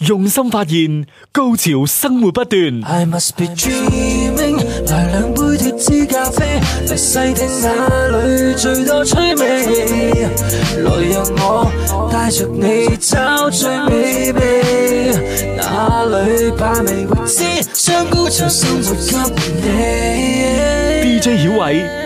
用心發現高潮生活不斷。DJ 曉慧。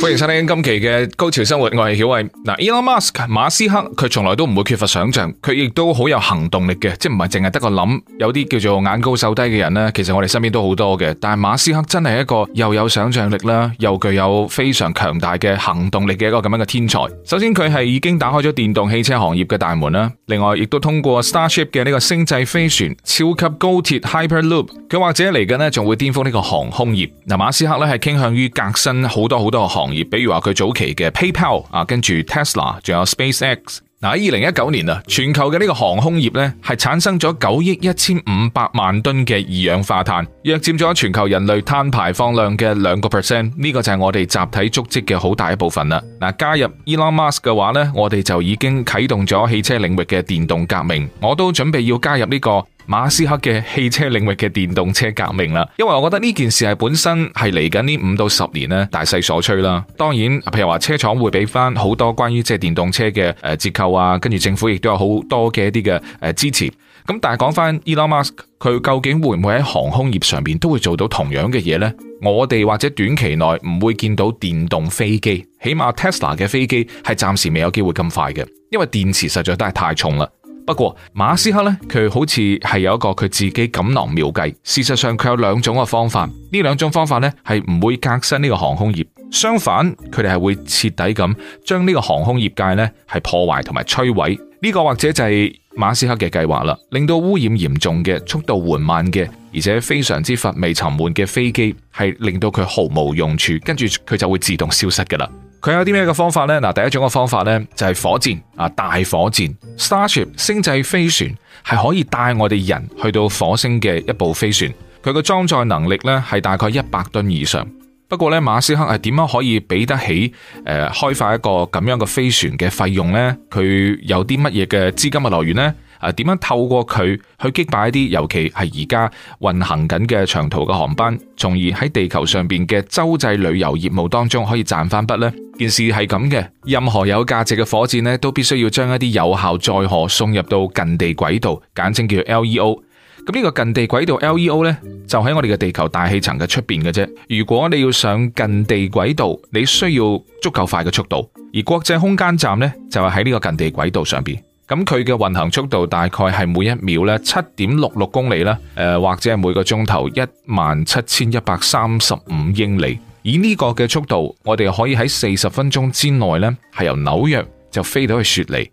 歡迎收聽今期嘅《高潮生活》，我曉，我係曉偉。Elon Musk 馬斯克，佢從來都唔會缺乏想象，佢亦都好有行動力嘅，即係唔係淨係得個諗。有啲叫做眼高手低嘅人呢，其實我哋身邊都好多嘅。但係馬斯克真係一個又有想象力啦，又具有非常強大嘅行動力嘅一個咁樣嘅天才。首先佢係已經打開咗電動汽車行業嘅大門啦，另外亦都通過 Starship 嘅呢個星際飛船、超級高鐵 Hyperloop，佢或者嚟緊呢仲會顛覆呢個航空業。嗱，馬斯克咧係。傾向於革新好多好多嘅行業，比如話佢早期嘅 PayPal 啊，跟住 Tesla，仲有 SpaceX。嗱喺二零一九年啊，全球嘅呢個航空業咧係產生咗九億一千五百萬噸嘅二氧化碳，約占咗全球人類碳排放量嘅兩個 percent。呢個就係我哋集體足跡嘅好大一部分啦。嗱，加入 Elon Musk 嘅話咧，我哋就已經啟動咗汽車領域嘅電動革命。我都準備要加入呢個。馬斯克嘅汽車領域嘅電動車革命啦，因為我覺得呢件事係本身係嚟緊呢五到十年呢大勢所趨啦。當然，譬如話車廠會俾翻好多關於即係電動車嘅誒折扣啊，跟住政府亦都有好多嘅一啲嘅誒支持。咁但係講翻 Elon Musk，佢究竟會唔會喺航空業上面都會做到同樣嘅嘢呢？我哋或者短期內唔會見到電動飛機，起碼 Tesla 嘅飛機係暫時未有機會咁快嘅，因為電池實在都係太重啦。不過馬斯克呢，佢好似係有一個佢自己錦囊妙計。事實上，佢有兩種嘅方法。呢兩種方法呢，係唔會革新呢個航空業，相反，佢哋係會徹底咁將呢個航空業界呢，係破壞同埋摧毀。呢個或者就係馬斯克嘅計劃啦，令到污染嚴重嘅、速度緩慢嘅，而且非常之乏味沉悶嘅飛機，係令到佢毫無用處，跟住佢就會自動消失噶啦。佢有啲咩嘅方法呢？嗱，第一種嘅方法呢，就係火箭啊，大火箭 Starship 星際飛船係可以帶我哋人去到火星嘅一部飛船，佢嘅裝載能力呢，係大概一百噸以上。不過呢，馬斯克係點樣可以俾得起誒、呃、開發一個咁樣嘅飛船嘅費用呢？佢有啲乜嘢嘅資金嘅來源呢？啊！點樣透過佢去擊敗一啲，尤其係而家運行緊嘅長途嘅航班，從而喺地球上邊嘅洲際旅遊業務當中可以賺翻筆呢？件事係咁嘅，任何有價值嘅火箭呢，都必須要將一啲有效載荷送入到近地軌道，簡稱叫做 LEO。咁呢個近地軌道 LEO 呢，就喺我哋嘅地球大氣層嘅出邊嘅啫。如果你要上近地軌道，你需要足夠快嘅速度，而國際空間站呢，就係喺呢個近地軌道上邊。咁佢嘅運行速度大概係每一秒呢七點六六公里啦，誒、呃、或者係每個鐘頭一萬七千一百三十五英里。以呢個嘅速度，我哋可以喺四十分鐘之內呢係由紐約就飛到去雪梨。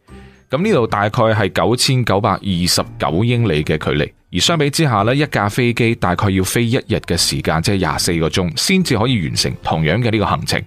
咁呢度大概係九千九百二十九英里嘅距離。而相比之下呢，一架飛機大概要飛一日嘅時間，即係廿四個鐘先至可以完成同樣嘅呢個行程。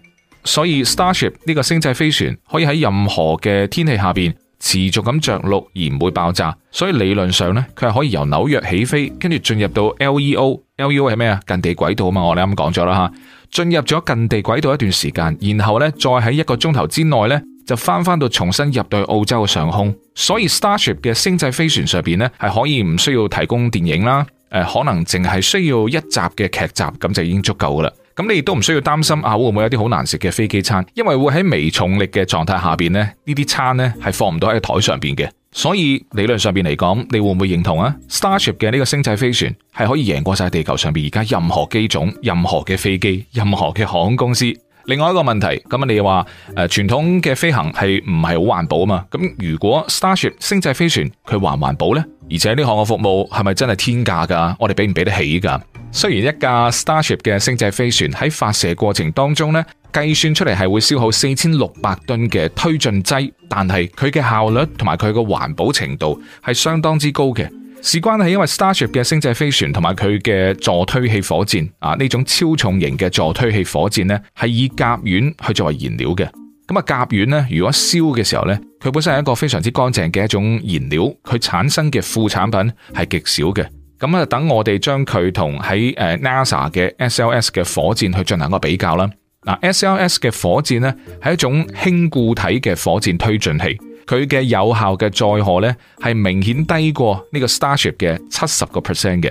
所以 Starship 呢個星際飛船可以喺任何嘅天氣下邊。持續咁着陸，而唔會爆炸，所以理論上咧，佢係可以由紐約起飛，跟住進入到 LEO。LEO 係咩啊？近地軌道啊嘛。我哋啱啱講咗啦吓，進入咗近地軌道一段時間，然後咧再喺一個鐘頭之內咧就翻翻到重新入到澳洲嘅上空。所以 Starship 嘅星際飛船上邊咧係可以唔需要提供電影啦，誒、呃、可能淨係需要一集嘅劇集咁就已經足夠噶啦。咁你亦都唔需要擔心啊，會唔會有啲好難食嘅飛機餐？因為會喺微重力嘅狀態下邊咧，呢啲餐咧係放唔到喺台上邊嘅。所以理論上邊嚟講，你會唔會認同啊？Starship 嘅呢個星際飛船係可以贏過晒地球上邊而家任何機種、任何嘅飛機、任何嘅航空公司。另外一個問題，咁啊你話誒傳統嘅飛行係唔係好環保啊？嘛，咁如果 Starship 星際飛船佢環唔環保呢，而且呢項嘅服務係咪真係天價噶？我哋俾唔俾得起噶？雖然一架 Starship 嘅星際飛船喺發射過程當中咧，計算出嚟係會消耗四千六百噸嘅推進劑，但係佢嘅效率同埋佢個環保程度係相當之高嘅。事關係因為 Starship 嘅星際飛船同埋佢嘅助推器火箭啊呢種超重型嘅助推器火箭咧，係以甲烷去作為燃料嘅。咁啊，甲烷咧如果燒嘅時候咧，佢本身係一個非常之乾淨嘅一種燃料，佢產生嘅副產品係極少嘅。咁啊，等我哋將佢同喺誒 NASA 嘅 SLS 嘅火箭去進行一個比較啦。嗱，SLS 嘅火箭呢係一種輕固體嘅火箭推進器，佢嘅有效嘅載荷呢係明顯低過呢個 Starship 嘅七十個 percent 嘅。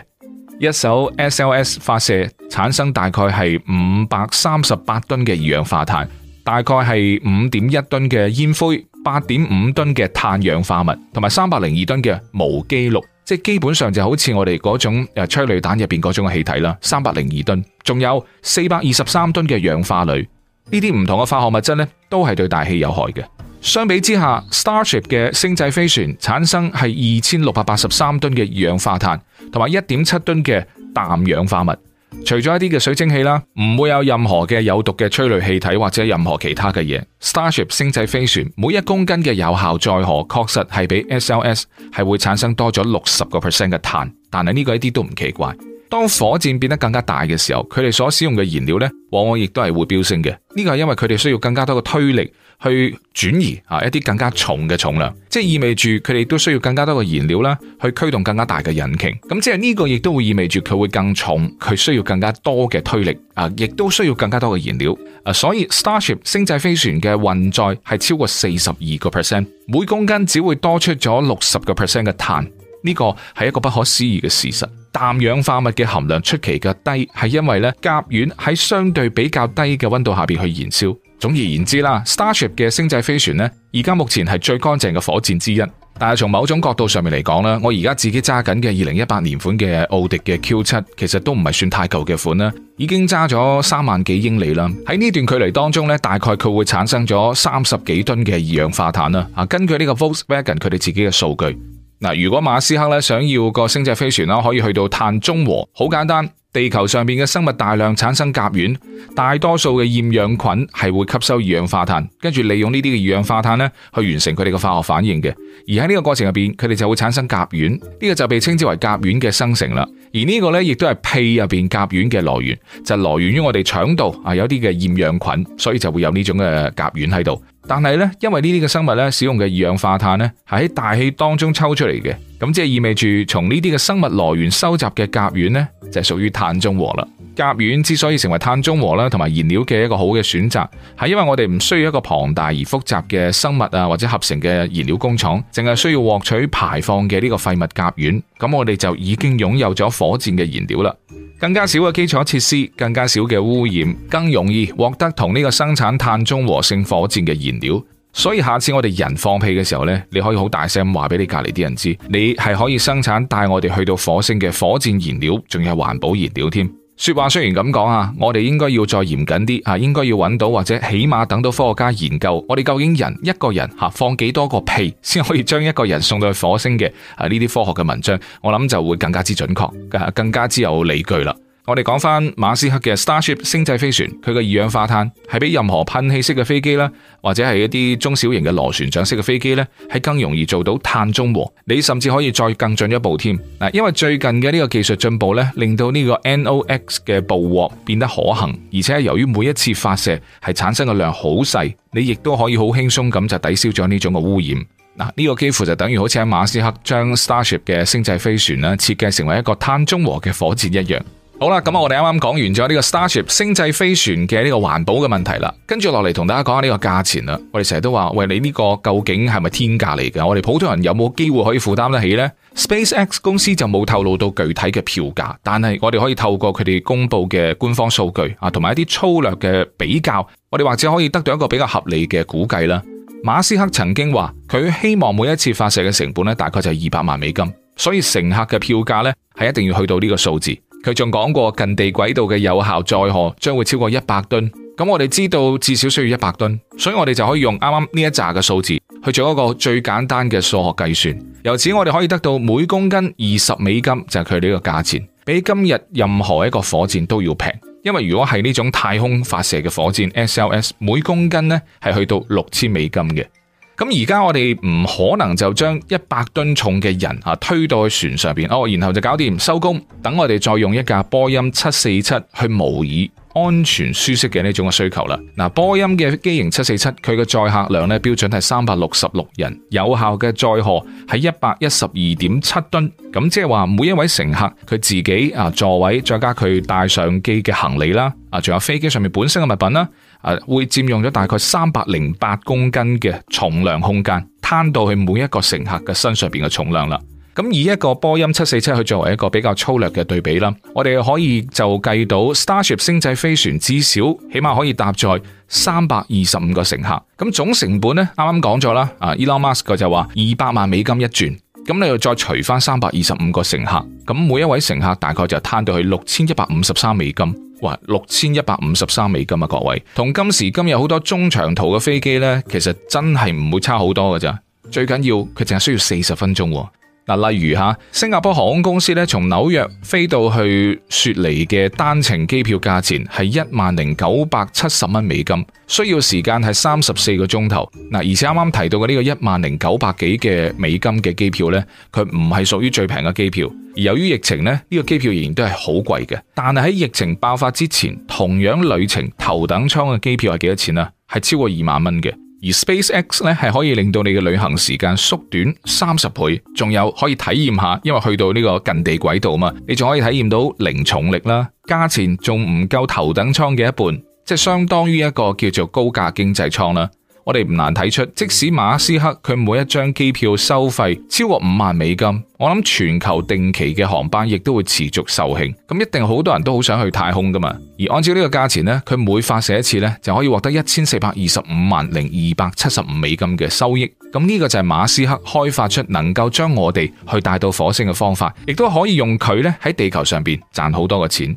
一艘 SLS 發射產生大概係五百三十八噸嘅二氧化碳，大概係五點一噸嘅煙灰，八點五噸嘅碳氧化物，同埋三百零二噸嘅無機氯。即基本上就好似我哋嗰種誒催淚彈入邊嗰種嘅氣體啦，三百零二噸，仲有四百二十三噸嘅氧化鋁，呢啲唔同嘅化學物質呢，都係對大氣有害嘅。相比之下，Starship 嘅星際飛船產生係二千六百八十三噸嘅二氧化碳，同埋一點七噸嘅氮氧氧化物。除咗一啲嘅水蒸氣啦，唔會有任何嘅有毒嘅催淚氣體或者任何其他嘅嘢。Starship 星際飛船每一公斤嘅有效載荷確實係比 SLS 係會產生多咗六十個 percent 嘅碳，但係呢個一啲都唔奇怪。當火箭變得更加大嘅時候，佢哋所使用嘅燃料呢，往往亦都係會飆升嘅。呢個係因為佢哋需要更加多嘅推力去轉移啊一啲更加重嘅重量，即係意味住佢哋都需要更加多嘅燃料啦，去驅動更加大嘅引擎。咁即係呢個亦都會意味住佢會更重，佢需要更加多嘅推力啊，亦都需要更加多嘅燃料啊。所以 Starship 星際飛船嘅運載係超過四十二個 percent，每公斤只會多出咗六十個 percent 嘅碳。呢個係一個不可思議嘅事實，氮氧化物嘅含量出奇嘅低，係因為咧，甲烷喺相對比較低嘅溫度下邊去燃燒。總而言之啦，Starship 嘅星際飛船咧，而家目前係最乾淨嘅火箭之一。但係從某種角度上面嚟講咧，我而家自己揸緊嘅二零一八年款嘅奧迪嘅 Q 七，其實都唔係算太舊嘅款啦，已經揸咗三萬幾英里啦。喺呢段距離當中咧，大概佢會產生咗三十幾噸嘅二氧化碳啦。啊，根據呢個 Volkswagen 佢哋自己嘅數據。嗱，如果馬斯克咧想要個星際飛船啦，可以去到碳中和，好簡單。地球上邊嘅生物大量產生甲烷，大多數嘅厭氧菌係會吸收二氧化碳，跟住利用呢啲嘅二氧化碳咧去完成佢哋嘅化學反應嘅。而喺呢個過程入邊，佢哋就會產生甲烷，呢、這個就被稱之為甲烷嘅生成啦。而呢個咧亦都係屁入邊甲烷嘅來源，就是、來源於我哋腸道啊，有啲嘅厭氧菌，所以就會有呢種嘅甲烷喺度。但係呢，因為呢啲嘅生物咧，使用嘅二氧化碳咧，係喺大氣當中抽出嚟嘅，咁即係意味住從呢啲嘅生物來源收集嘅甲烷呢，就係屬於碳中和啦。甲烷之所以成為碳中和啦，同埋燃料嘅一個好嘅選擇，係因為我哋唔需要一個龐大而複雜嘅生物啊，或者合成嘅燃料工廠，淨係需要獲取排放嘅呢個廢物甲烷。咁我哋就已經擁有咗火箭嘅燃料啦。更加少嘅基礎設施，更加少嘅污染，更容易獲得同呢個生產碳中和性火箭嘅燃料。所以，下次我哋人放屁嘅時候呢，你可以好大聲咁話俾你隔籬啲人知，你係可以生產帶我哋去到火星嘅火箭燃料，仲有環保燃料添。說話雖然咁講啊，我哋應該要再嚴謹啲啊，應該要揾到或者起碼等到科學家研究，我哋究竟人一個人放幾多個屁先可以將一個人送到去火星嘅啊，呢啲科學嘅文章，我諗就會更加之準確，更加之有理據啦。我哋講翻馬斯克嘅 Starship 星際飛船，佢個二氧化碳係比任何噴氣式嘅飛機啦，或者係一啲中小型嘅螺旋槳式嘅飛機呢，係更容易做到碳中和。你甚至可以再更進一步添嗱，因為最近嘅呢個技術進步呢，令到呢個 NOx 嘅捕獲變得可行，而且由於每一次發射係產生嘅量好細，你亦都可以好輕鬆咁就抵消咗呢種嘅污染嗱。呢個幾乎就等於好似喺馬斯克將 Starship 嘅星際飛船啦設計成為一個碳中和嘅火箭一樣。好啦，咁我哋啱啱講完咗呢個 Starship 星際飛船嘅呢個環保嘅問題啦，跟住落嚟同大家講下呢個價錢啦。我哋成日都話，喂，你呢個究竟係咪天價嚟嘅？我哋普通人有冇機會可以負擔得起呢？SpaceX 公司就冇透露到具體嘅票價，但係我哋可以透過佢哋公布嘅官方數據啊，同埋一啲粗略嘅比較，我哋或者可以得到一個比較合理嘅估計啦，啊。馬斯克曾經話，佢希望每一次發射嘅成本咧，大概就係二百萬美金，所以乘客嘅票價呢係一定要去到呢個數字。佢仲講過近地軌道嘅有效載荷將會超過一百噸，咁我哋知道至少需要一百噸，所以我哋就可以用啱啱呢一紮嘅數字去做一個最簡單嘅數學計算，由此我哋可以得到每公斤二十美金就係佢呢個價錢，比今日任何一個火箭都要平，因為如果係呢種太空發射嘅火箭 SLS，每公斤呢係去到六千美金嘅。咁而家我哋唔可能就將一百噸重嘅人啊推到去船上邊，哦，然後就搞掂收工，等我哋再用一架波音七四七去模擬安全舒適嘅呢種嘅需求啦。嗱，波音嘅機型七四七，佢嘅載客量呢標準係三百六十六人，有效嘅載荷係一百一十二點七噸。咁即係話每一位乘客佢自己啊座位，再加佢帶上機嘅行李啦，啊，仲有飛機上面本身嘅物品啦。啊，會佔用咗大概三百零八公斤嘅重量空間，攤到去每一個乘客嘅身上邊嘅重量啦。咁以一個波音七四七去作為一個比較粗略嘅對比啦，我哋可以就計到 Starship 星際飛船至少起碼可以搭載三百二十五個乘客。咁總成本呢，啱啱講咗啦，啊 Elon Musk 就話二百萬美金一轉，咁你又再除翻三百二十五個乘客，咁每一位乘客大概就攤到去六千一百五十三美金。哇，六千一百五十三美金啊，各位，同今時今日好多中長途嘅飛機咧，其實真係唔會差好多㗎咋，最緊要佢淨係需要四十分鐘喎。例如哈，新加坡航空公司咧，從紐約飛到去雪梨嘅單程機票價錢係一萬零九百七十蚊美金，需要時間係三十四個鐘頭。嗱，而且啱啱提到嘅呢個一萬零九百幾嘅美金嘅機票咧，佢唔係屬於最平嘅機票。而由於疫情咧，呢個機票仍然都係好貴嘅。但係喺疫情爆發之前，同樣旅程頭等艙嘅機票係幾多錢啦？係超過二萬蚊嘅。而 SpaceX 呢係可以令到你嘅旅行時間縮短三十倍，仲有可以體驗下，因為去到呢個近地軌道嘛，你仲可以體驗到零重力啦，價錢仲唔夠頭等艙嘅一半，即係相當於一個叫做高價經濟艙啦。我哋唔難睇出，即使馬斯克佢每一張機票收費超過五萬美金，我諗全球定期嘅航班亦都會持續售罄。咁一定好多人都好想去太空㗎嘛。而按照呢個價錢呢，佢每發射一次呢，就可以獲得一千四百二十五萬零二百七十五美金嘅收益。咁、這、呢個就係馬斯克開發出能夠將我哋去帶到火星嘅方法，亦都可以用佢呢喺地球上邊賺好多嘅錢。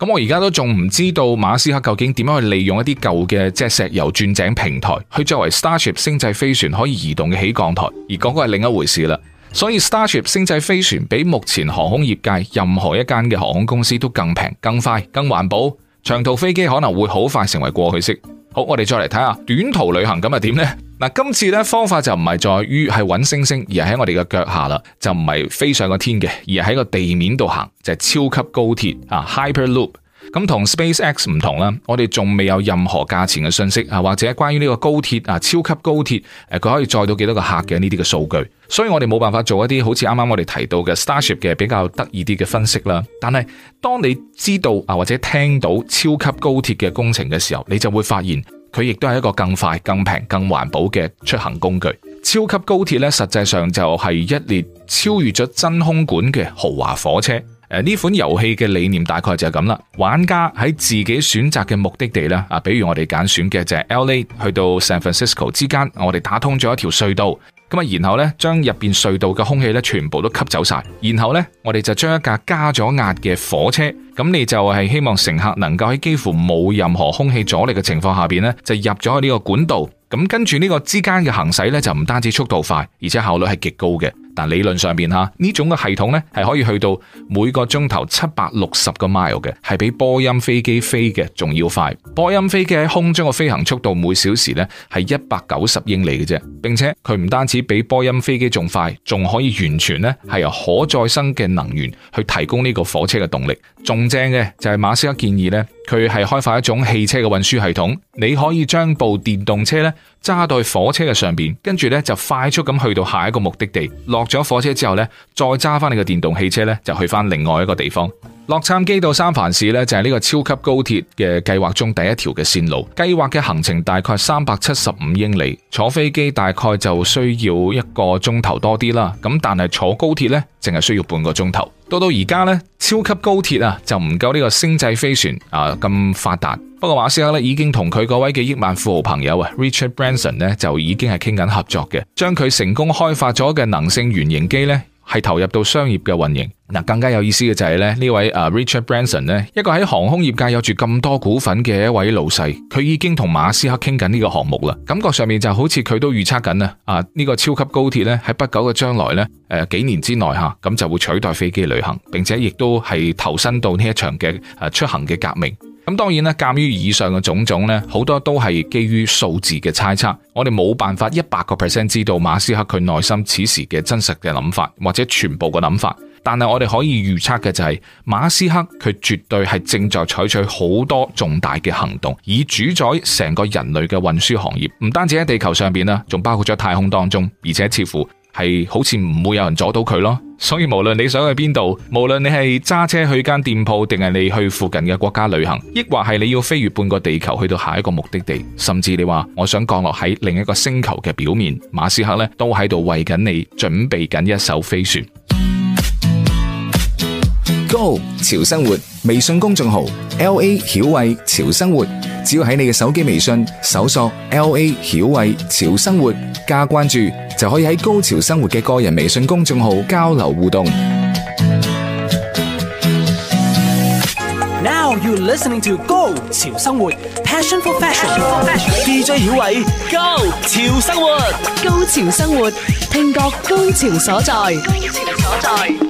咁我而家都仲唔知道馬斯克究竟點樣去利用一啲舊嘅即石油鑽井平台，去作為 Starship 星際飛船可以移動嘅起降台，而嗰個係另一回事啦。所以 Starship 星際飛船比目前航空業界任何一間嘅航空公司都更平、更快、更環保，長途飛機可能會好快成為過去式。好，我哋再嚟睇下短途旅行咁係點呢？嗱，今次咧，方法就唔係在於係搵星星，而係喺我哋嘅腳下啦，就唔係飛上個天嘅，而係喺個地面度行，就係超級高鐵啊，Hyperloop。咁同 SpaceX 唔同啦，我哋仲未有任何價錢嘅信息啊，或者關於呢個高鐵啊，超級高鐵誒，佢可以載到幾多個客嘅呢啲嘅數據，所以我哋冇辦法做一啲好似啱啱我哋提到嘅 Starship 嘅比較得意啲嘅分析啦。但係當你知道或者聽到超級高鐵嘅工程嘅時候，你就會發現。佢亦都係一個更快、更平、更環保嘅出行工具。超級高鐵咧，實際上就係一列超越咗真空管嘅豪華火車。誒，呢款遊戲嘅理念大概就係咁啦。玩家喺自己選擇嘅目的地咧，啊，比如我哋揀選嘅就係 LA，去到 San Francisco 之間，我哋打通咗一條隧道。咁啊，然後呢，將入面隧道嘅空氣呢全部都吸走晒。然後呢，我哋就將一架加咗壓嘅火車，咁你就係希望乘客能夠喺幾乎冇任何空氣阻力嘅情況下面呢，就進入咗呢個管道。咁跟住呢個之間嘅行駛呢，就唔單止速度快，而且效率係極高嘅。但理論上邊吓呢種嘅系統咧，係可以去到每個鐘頭七百六十個 mile 嘅，係比波音飛機飛嘅仲要快。波音飛機喺空中嘅飛行速度每小時咧，係一百九十英里嘅啫，並且佢唔單止比波音飛機仲快，仲可以完全咧係由可再生嘅能源去提供呢個火車嘅動力。仲正嘅就係馬斯克建議咧。佢係開發一種汽車嘅運輸系統，你可以將部電動車咧揸到去火車嘅上邊，跟住咧就快速咁去到下一個目的地。落咗火車之後咧，再揸翻你嘅電動汽車咧，就去翻另外一個地方。洛杉磯到三藩市呢就係呢個超級高鐵嘅計劃中第一條嘅線路，計劃嘅行程大概三百七十五英里，坐飛機大概就需要一個鐘頭多啲啦。咁但係坐高鐵呢，淨係需要半個鐘頭。到到而家呢，超級高鐵啊就唔夠呢個星際飛船啊咁發達。不過馬斯克呢，已經同佢嗰位嘅億萬富豪朋友啊，Richard Branson 呢，就已經係傾緊合作嘅，將佢成功開發咗嘅能性原型機呢，係投入到商業嘅運營，更加有意思嘅就係咧呢位 Richard Branson，一個喺航空業界有住咁多股份嘅一位老細，佢已經同馬斯克傾緊呢個項目啦。感覺上面就好似佢都預測緊啊呢個超級高鐵咧喺不久嘅將來咧幾年之內咁就會取代飛機旅行，並且亦都係投身到呢一場嘅出行嘅革命。咁當然啦，鑒於以上嘅種種呢，好多都係基於數字嘅猜測，我哋冇辦法一百個 percent 知道馬斯克佢內心此時嘅真實嘅諗法或者全部嘅諗法。但係我哋可以預測嘅就係，馬斯克佢絕對係正在採取好多重大嘅行動，以主宰成個人類嘅運輸行業。唔單止喺地球上邊啦，仲包括咗太空當中，而且似乎。係好似唔會有人阻到佢咯，所以無論你想去邊度，無論你係揸車去間店鋪，定係你去附近嘅國家旅行，抑或係你要飛越半個地球去到下一個目的地，甚至你話我想降落喺另一個星球嘅表面，馬斯克呢都喺度為緊你準備緊一艘飛船。Go 潮生活微信公眾號。L A 曉慧潮生活，只要喺你嘅手機微信搜索 L A 曉慧潮生活加關注，就可以喺高潮生活嘅個人微信公眾號交流互動。Now you're listening to Go 潮生活，Passion for Fashion，DJ 曉慧 Go 潮生活，高潮生活，聽覺高潮所在。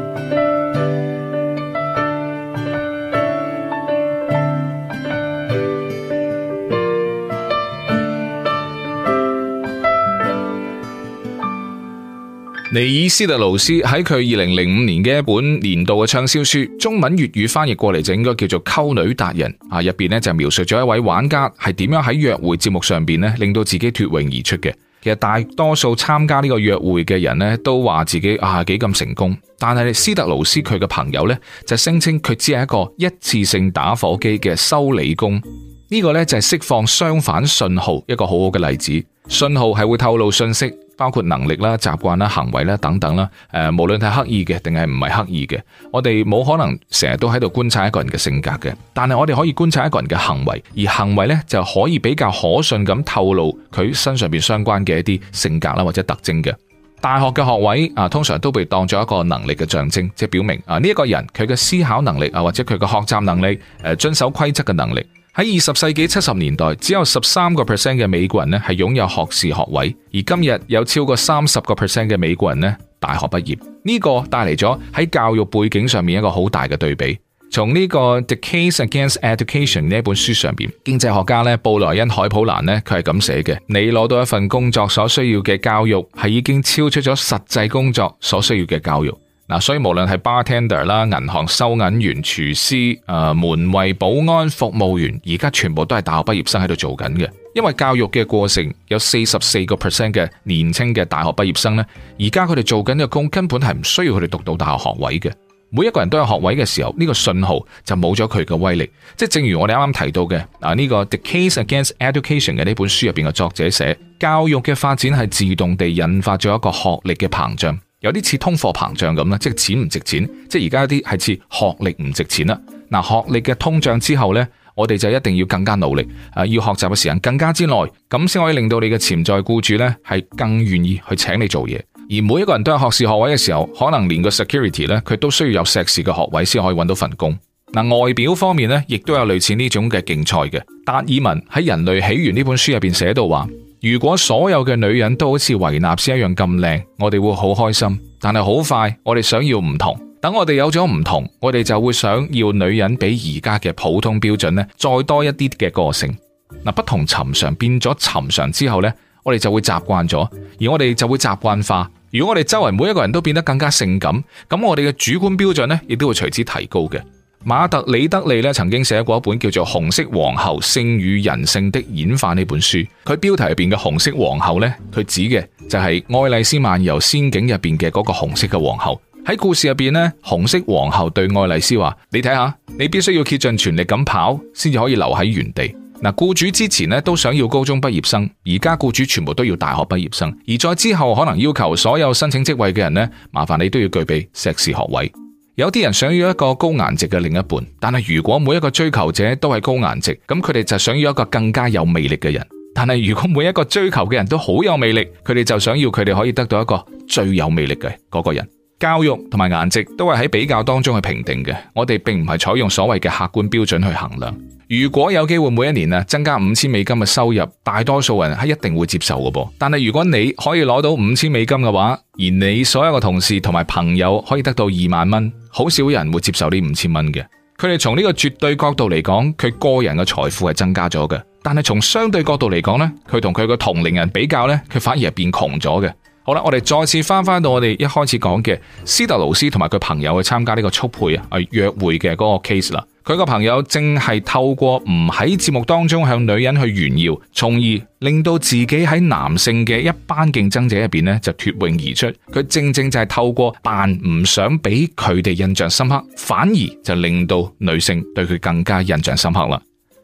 尼爾斯特勞斯喺佢二零零五年嘅一本年度嘅暢銷書，中文粵語翻譯過嚟就應該叫做《溝女達人》啊！入邊咧就描述咗一位玩家係點樣喺約會節目上邊咧令到自己脫穎而出嘅。其實大多數參加呢個約會嘅人咧都話自己啊幾咁成功，但係斯特勞斯佢嘅朋友咧就聲稱佢只係一個一次性打火機嘅修理工。呢個咧就係釋放相反信號，一個好好嘅例子。信號係會透露信息。包括能力啦、習慣啦、行為啦等等啦，誒，無論係刻意嘅定係唔係刻意嘅，我哋冇可能成日都喺度觀察一個人嘅性格嘅，但係我哋可以觀察一個人嘅行為，而行為呢就可以比較可信咁透露佢身上邊相關嘅一啲性格啦或者特徵嘅。大學嘅學位啊，通常都被當作一個能力嘅象徵，即係表明啊呢一、這個人佢嘅思考能力啊或者佢嘅學習能力，誒、啊、遵守規則嘅能力。喺二十世紀七十年代，只有十三個 percent 嘅美國人呢係擁有學士學位，而今日有超過三十個 percent 嘅美國人呢大學畢業。呢個帶嚟咗喺教育背景上面一個好大嘅對比。從呢個《The Case Against Education》呢本書上邊，經濟學家呢布萊恩海普蘭呢佢係咁寫嘅：你攞到一份工作所需要嘅教育係已經超出咗實際工作所需要嘅教育。嗱，所以無論係 bartender 啦、銀行收銀員、廚師、誒、呃、門衛、保安、服務員，而家全部都係大學畢業生喺度做緊嘅。因為教育嘅過程有四十四個 percent 嘅年輕嘅大學畢業生呢，而家佢哋做緊嘅工根本係唔需要佢哋讀到大學學位嘅。每一個人都有學位嘅時候，呢個信號就冇咗佢嘅威力。即正如我哋啱啱提到嘅，啊呢個《The Case Against Education》嘅呢本書入邊嘅作者寫，教育嘅發展係自動地引發咗一個學歷嘅膨脹。有啲似通貨膨脹咁啦，即係錢唔值錢，即係而家啲係似學歷唔值錢啦。嗱，學歷嘅通脹之後呢，我哋就一定要更加努力，誒，要學習嘅時間更加之耐，咁先可以令到你嘅潛在僱主呢係更願意去請你做嘢。而每一個人都有學士學位嘅時候，可能連個 security 呢，佢都需要有碩士嘅學位先可以揾到份工。嗱，外表方面呢，亦都有類似呢種嘅競賽嘅。達爾文喺《人類起源》呢本書入邊寫到話。如果所有嘅女人都好似維納斯一樣咁靚，我哋會好開心。但係好快，我哋想要唔同。等我哋有咗唔同，我哋就會想要女人比而家嘅普通標準呢再多一啲嘅個性。嗱，不同尋常變咗尋常之後呢，我哋就會習慣咗，而我哋就會習慣化。如果我哋周圍每一個人都變得更加性感，咁我哋嘅主觀標準呢，亦都會隨之提高嘅。馬特里德利曾經寫過一本叫做《紅色皇后：性與人性的演化》呢本書，佢標題入邊嘅紅色皇后呢，佢指嘅就係愛麗絲漫遊仙境入邊嘅嗰個紅色嘅皇后。喺故事入邊呢，紅色皇后對愛麗絲話：你睇下，你必須要竭盡全力咁跑，先至可以留喺原地。嗱，僱主之前呢都想要高中畢業生，而家僱主全部都要大學畢業生，而再之後可能要求所有申請職位嘅人呢，麻煩你都要具備碩士學位。有啲人想要一個高顏值嘅另一半，但係如果每一個追求者都係高顏值，咁佢哋就想要一個更加有魅力嘅人。但係如果每一個追求嘅人都好有魅力，佢哋就想要佢哋可以得到一個最有魅力嘅嗰個人。教育同埋顏值都係喺比較當中去評定嘅，我哋並唔係採用所謂嘅客觀標準去衡量。如果有機會每一年啊增加五千美金嘅收入，大多數人係一定會接受嘅噃。但係如果你可以攞到五千美金嘅話，而你所有嘅同事同埋朋友可以得到二萬蚊，好少人會接受呢五千蚊嘅。佢哋從呢個絕對角度嚟講，佢個人嘅財富係增加咗嘅。但係從相對角度嚟講呢，佢同佢嘅同齡人比較呢，佢反而係變窮咗嘅。好啦，我哋再次翻翻到我哋一開始講嘅斯特勞斯同埋佢朋友去參加呢個速配啊約會嘅嗰個 case 啦。佢個朋友正係透過唔喺節目當中向女人去炫耀，從而令到自己喺男性嘅一班競爭者入邊呢就脫穎而出。佢正正就係透過扮唔想俾佢哋印象深刻，反而就令到女性對佢更加印象深刻啦。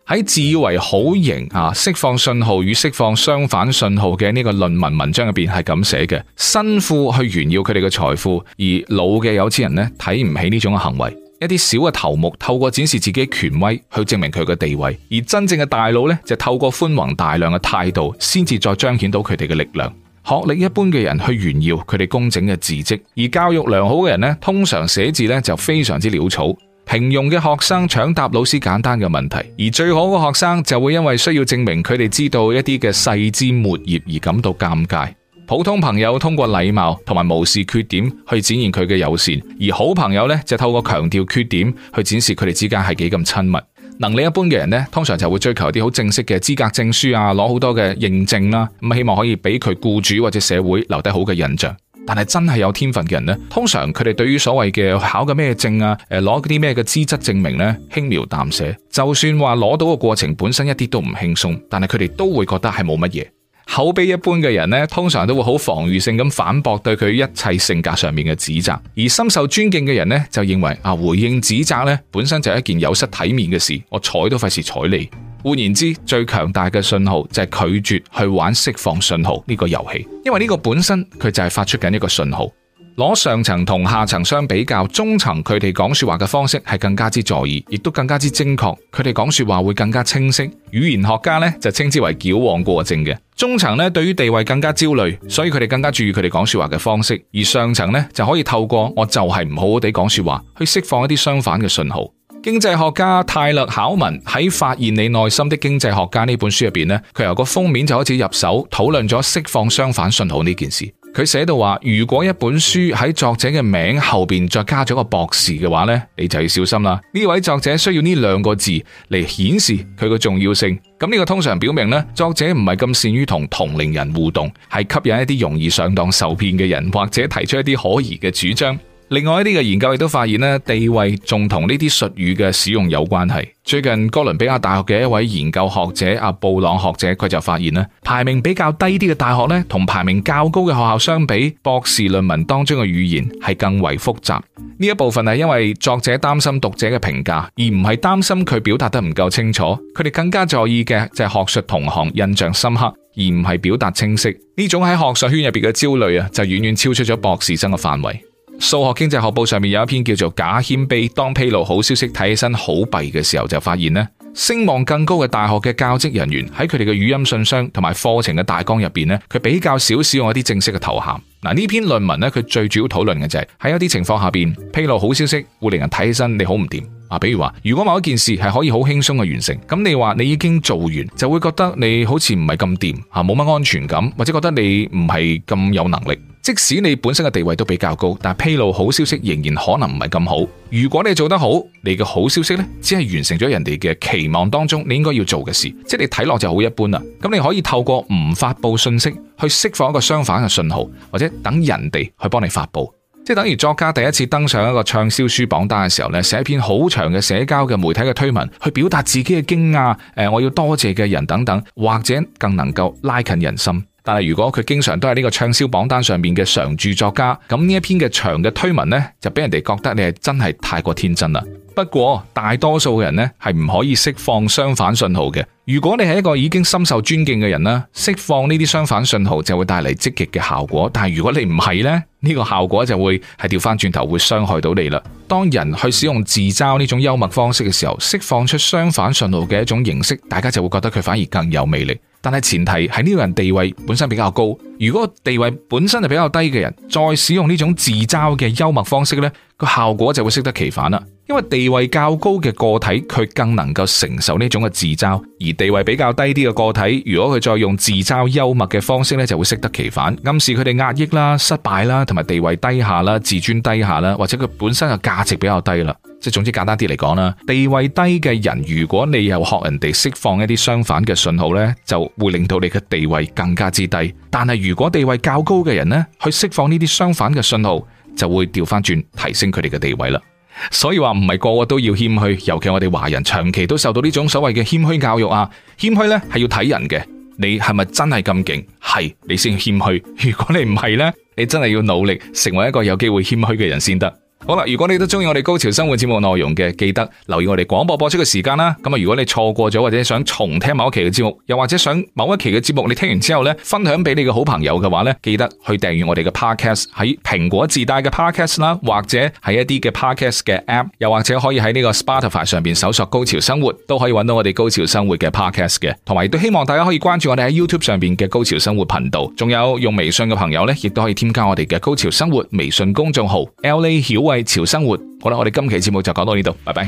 喺自以為好型啊，釋放信號與釋放相反信號嘅呢個論文文章入邊係咁寫嘅：新富去炫耀佢哋嘅財富，而老嘅有錢人呢睇唔起呢種嘅行為。一啲小嘅頭目透過展示自己權威去證明佢嘅地位，而真正嘅大佬呢，就透過寬宏大量嘅態度，先至再彰顯到佢哋嘅力量。學歷一般嘅人去炫耀佢哋工整嘅字跡，而教育良好嘅人呢，通常寫字呢就非常之潦草。平庸嘅學生搶答老師簡單嘅問題，而最好嘅學生就會因為需要證明佢哋知道一啲嘅細枝末葉而感到尷尬。普通朋友通過禮貌同埋無視缺點去展現佢嘅友善，而好朋友呢，就透過強調缺點去展示佢哋之間係幾咁親密。能力一般嘅人呢，通常就會追求啲好正式嘅資格證書啊，攞好多嘅認證啦、啊，咁希望可以俾佢僱主或者社會留低好嘅印象。但係真係有天分嘅人呢，通常佢哋對於所謂嘅考嘅咩證啊，誒，攞啲咩嘅資質證明呢，輕描淡寫。就算話攞到嘅過程本身一啲都唔輕鬆，但係佢哋都會覺得係冇乜嘢。口碑一般嘅人呢，通常都會好防御性咁反駁對佢一切性格上面嘅指責；而深受尊敬嘅人呢，就認為啊回應指責咧，本身就係一件有失體面嘅事，我睬都費事睬你。換言之，最強大嘅信號就係拒絕去玩釋放信號呢個遊戲，因為呢個本身佢就係發出緊一個信號。攞上層同下層相比較，中層佢哋講說話嘅方式係更加之在意，亦都更加之精確。佢哋講說話會更加清晰。語言學家呢就稱之為矯枉過正嘅。中層呢對於地位更加焦慮，所以佢哋更加注意佢哋講說話嘅方式。而上層呢就可以透過我就係唔好好地講說話去釋放一啲相反嘅信號。經濟學家泰勒考文喺《發現你內心的經濟學家》呢本書入面呢，佢由個封面就開始入手討論咗釋放相反信號呢件事。佢寫到話，如果一本書喺作者嘅名後邊再加咗個博士嘅話呢，你就要小心啦。呢位作者需要呢兩個字嚟顯示佢嘅重要性。咁呢個通常表明呢，作者唔係咁善於同同齡人互動，係吸引一啲容易上當受騙嘅人，或者提出一啲可疑嘅主張。另外一啲研究亦都發現呢，地位仲同呢啲術語嘅使用有關係。最近哥倫比亞大學嘅一位研究學者阿、啊、布朗學者，佢就發現咧，排名比較低啲嘅大學咧，同排名較高嘅學校相比，博士論文當中嘅語言係更為複雜。呢一部分係因為作者擔心讀者嘅評價，而唔係擔心佢表達得唔夠清楚。佢哋更加在意嘅就係學術同行印象深刻，而唔係表達清晰。呢種喺學術圈入邊嘅焦慮啊，就遠遠超出咗博士生嘅範圍。《數學經濟學報》上面有一篇叫做《假謙卑》，當披露好消息，睇起身好弊，嘅時候，就發現咧，聲望更高嘅大學嘅教職人員喺佢哋嘅語音信箱同埋課程嘅大綱入邊咧，佢比較少使用一啲正式嘅頭銜。嗱，呢篇論文呢，佢最主要討論嘅就係喺一啲情況下邊披露好消息會令人睇起身你好唔掂啊。比如話，如果某一件事係可以好輕鬆嘅完成，咁你話你已經做完，就會覺得你好似唔係咁掂啊，冇乜安全感，或者覺得你唔係咁有能力。即使你本身嘅地位都比較高，但披露好消息仍然可能唔係咁好。如果你做得好，你嘅好消息呢，只係完成咗人哋嘅期望當中，你應該要做嘅事。即係你睇落就好一般啦。咁你可以透過唔發布信息去釋放一個相反嘅信號，或者等人哋去幫你發布。即係等於作家第一次登上一個暢銷書榜單嘅時候呢，寫一篇好長嘅社交嘅媒體嘅推文，去表達自己嘅驚訝。誒，我要多謝嘅人等等，或者更能夠拉近人心。但如果佢經常都喺呢個暢銷榜單上邊嘅常駐作家，咁呢一篇嘅長嘅推文咧，就俾人哋覺得你係真係太過天真啦。不過大多數人咧，係唔可以釋放相反信號嘅。如果你係一個已經深受尊敬嘅人啦，釋放呢啲相反信號就會帶嚟積極嘅效果。但係如果你唔係呢，呢個效果就會係調翻轉頭，會傷害到你啦。當人去使用自嘲呢種幽默方式嘅時候，釋放出相反信號嘅一種形式，大家就會覺得佢反而更有魅力。但係前提係呢個人地位本身比較高。如果地位本身就比較低嘅人，再使用呢種自嘲嘅幽默方式咧。個效果就會適得其反啦，因為地位較高嘅個體佢更能夠承受呢種嘅自嘲，而地位比較低啲嘅個體，如果佢再用自嘲幽默嘅方式咧，就會適得其反，暗示佢哋壓抑啦、失敗啦，同埋地位低下啦、自尊低下啦，或者佢本身嘅價值比較低啦。即係總之簡單啲嚟講啦，地位低嘅人，如果你又學人哋釋放一啲相反嘅信號咧，就會令到你嘅地位更加之低。但係如果地位較高嘅人咧，去釋放呢啲相反嘅信號。就會調翻轉，提升佢哋嘅地位啦，所以話唔係個個都要謙虛，尤其我哋華人長期都受到呢種所謂嘅謙虛教育啊，謙虛咧係要睇人嘅，你係咪真係咁勁？係，你先謙虛，如果你唔係咧，你真係要努力成為一個有機會謙虛嘅人先得。好啦，如果你都中意我哋高潮生活節目內容嘅，記得留意我哋廣播播出嘅時間啦。咁啊，如果你錯過咗或者想重聽某一期嘅節目，又或者想某一期嘅節目，你聽完之後呢，分享俾你嘅好朋友嘅話呢，記得去訂閱我哋嘅 podcast 喺蘋果自帶嘅 podcast 啦，或者喺一啲嘅 podcast 嘅 app，又或者可以喺呢個 Spotify 上邊搜索高潮生活，都可以揾到我哋高潮生活嘅 podcast 嘅。同埋，亦都希望大家可以關注我哋喺 YouTube 上邊嘅高潮生活頻道。仲有用微信嘅朋友呢，亦都可以添加我哋嘅高潮生活微信公衆號 LA 為潮生活，好啦，我哋今期節目就講到呢度，拜拜。